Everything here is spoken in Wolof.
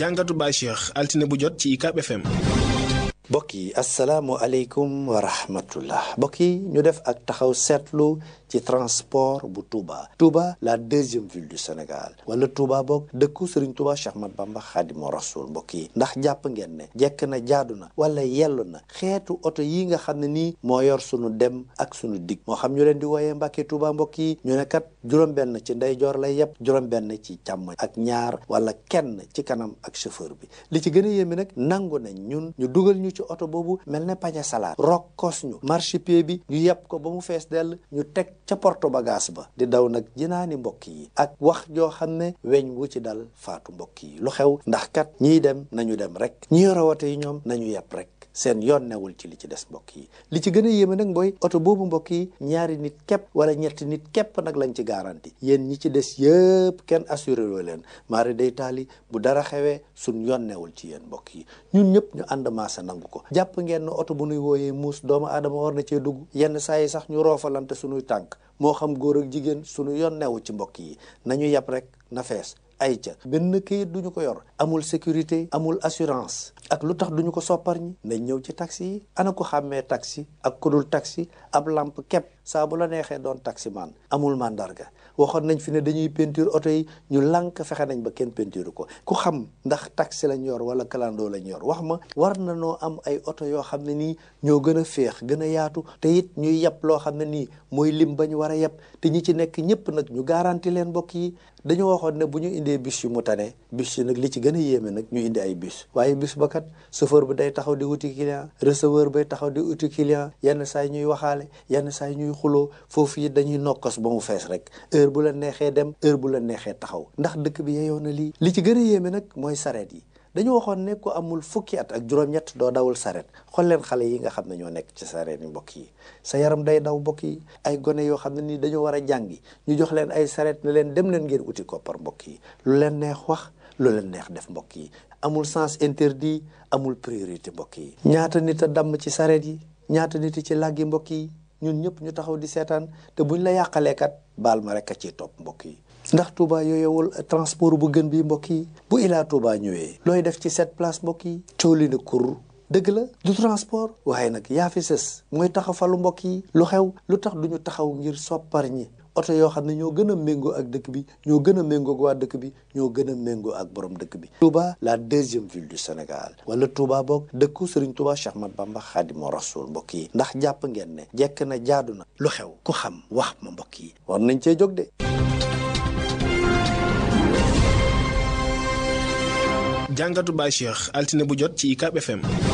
jàngatu Baye Cheikh altine bu jot ci UCAB FM. mbokk yi asalaamualeykum wa rahmatullah mbokk yi ñu def ak taxaw seetlu ci transport bu Touba Touba la deuxième ville du Sénégal wala Touba boog dëkku Serigne Touba Cheikh Ahmadou Bamba Khadimou Rassoul mbokk yi ndax jàpp ngeen ne jekk na jaadu na wala yellu na xeetu oto yi nga xam ne nii moo yor sunu dem ak sunu dig moo xam ñu leen di wooyee Mbàkke Touba mbokk yi ñu nekkat kat juróom-benn ci ndeyjoor lay yëpp juróom-benn ci càmm ak ñaar wala kenn ci kanam ak chauffeur bi li ci gën a yéeme nag nangu nañ ñun dugal ñu ci oto boobu mel na pañe salaat rokkos ñu marchepied bi ñu yeb ko ba mu fees dell ñu teg ca porto bagage ba di daw nag jinaani mbokk yi ak wax joo xam ne weñ wu ci dal faatu mbokk yi lu xew ndax kat ñiy dem nañu dem rek ñi rawate yi ñoom nañu yàpp rek seen yoon newul ci li ci des mbokk yi li ci gën a yéeme nag mooy oto boobu mbokk yi ñaari nit képp wala ñetti nit képp nag lañ ci garanti yéen ñi ci des yëpp kenn assuré loo leen maari day taali bu dara xewee suñ yoon newul ci yéen mbokk yi ñun ñëpp ñu ànd maasa nangu ko jàpp ngeen ne oto bu nuy wooyee muus doomu aadama war na cee dugg yenn saa yi sax ñu roofalante suñuy tànk moo xam góor ak jigéen suñu yoon newu ci mbokk yi nañu yàpp rek na ay ca benn këyit duñu ko yor amul sécurité amul assurance ak lu tax duñu ko sopparñi nañ ñëw ci taxi yi ana ko xàmmee taxi ak ku dul taxi ab làmp kepp saa la neexee doon taximaan amul mandarga waxoon nañ fi ne dañuy peinture oto yi ñu lànk fexe nañ ba kenn peinture ko ku xam ndax taxi lañ yor wala kalandoo lañ yor wax ma war na noo am ay oto yoo xam ne nii ñoo gën a feex gën a yaatu te it ñuy yàpp loo xam ne nii mooy lim bañ war a yàpp te ñi ci nekk ñëpp nag ñu garanti leen mbokk yi dañu waxoon indi indee bus yu mu tane bus yi nag li ci gën a yéeme nag ñu indi ay bis waaye bus ba kat chauffeur bi day taxaw di wuti client receveur bay taxaw di uti client yenn saa yi ñuy waxaale yenn saa yi ñuy xuloo foofu yi dañuy nokkos ba mu fees rek heure bu la neexee dem heure bu la neexee taxaw ndax dëkk bi yeyoo na lii li ci gën a yéeme nag mooy sareet yi dañu waxoon ne amul fukki at ak juróom-ñett doo dawul saret xool leen xale yi nga xam ne ñoo nekk ci saret yi mbokk yi sa yaram day daw mbokk yi ay gone yoo xam ne nii dañoo war a jàngi ñu jox leen ay saret ne leen dem leen ngeen uti koppar mbokk yi lu leen neex wax lu leen neex def mbokk yi amul sens interdit amul priorité mbokk yi ñaata nit a damm ci saret yi ñaata nit ci làggi mbokk yi ñun ñëpp ñu taxaw di seetaan te buñ la kat baal ma rek a ciy topp mbokk yi ndax Touba yooyowul transport bu gën bi mbokk yi bu Ila Touba ñëwee looy def ci cette place mbokk yi coow li na kur dëgg la du transport waaye nag yaa fi ses mooy taxafalu mbokk yi lu xew lu tax duñu taxaw ngir soppar ñi oto yoo xam ne ñoo gën a méngoo ak dëkk bi ñoo gën a méngoo ak waa dëkk bi ñoo gën a méngoo ak borom dëkk bi Touba la deuxième ville du Sénégal wala Touba boog dëkku Serigne Touba Cheikh Ahmadou Bamba Khadimou Rassoul mbokk yi ndax jàpp ngeen ne jekk na jaadu na lu xew ku xam wax ma mbokk yi war nañ cee jóg de jàngatu Baye Cheikh altine bu jot ci UCAB FM.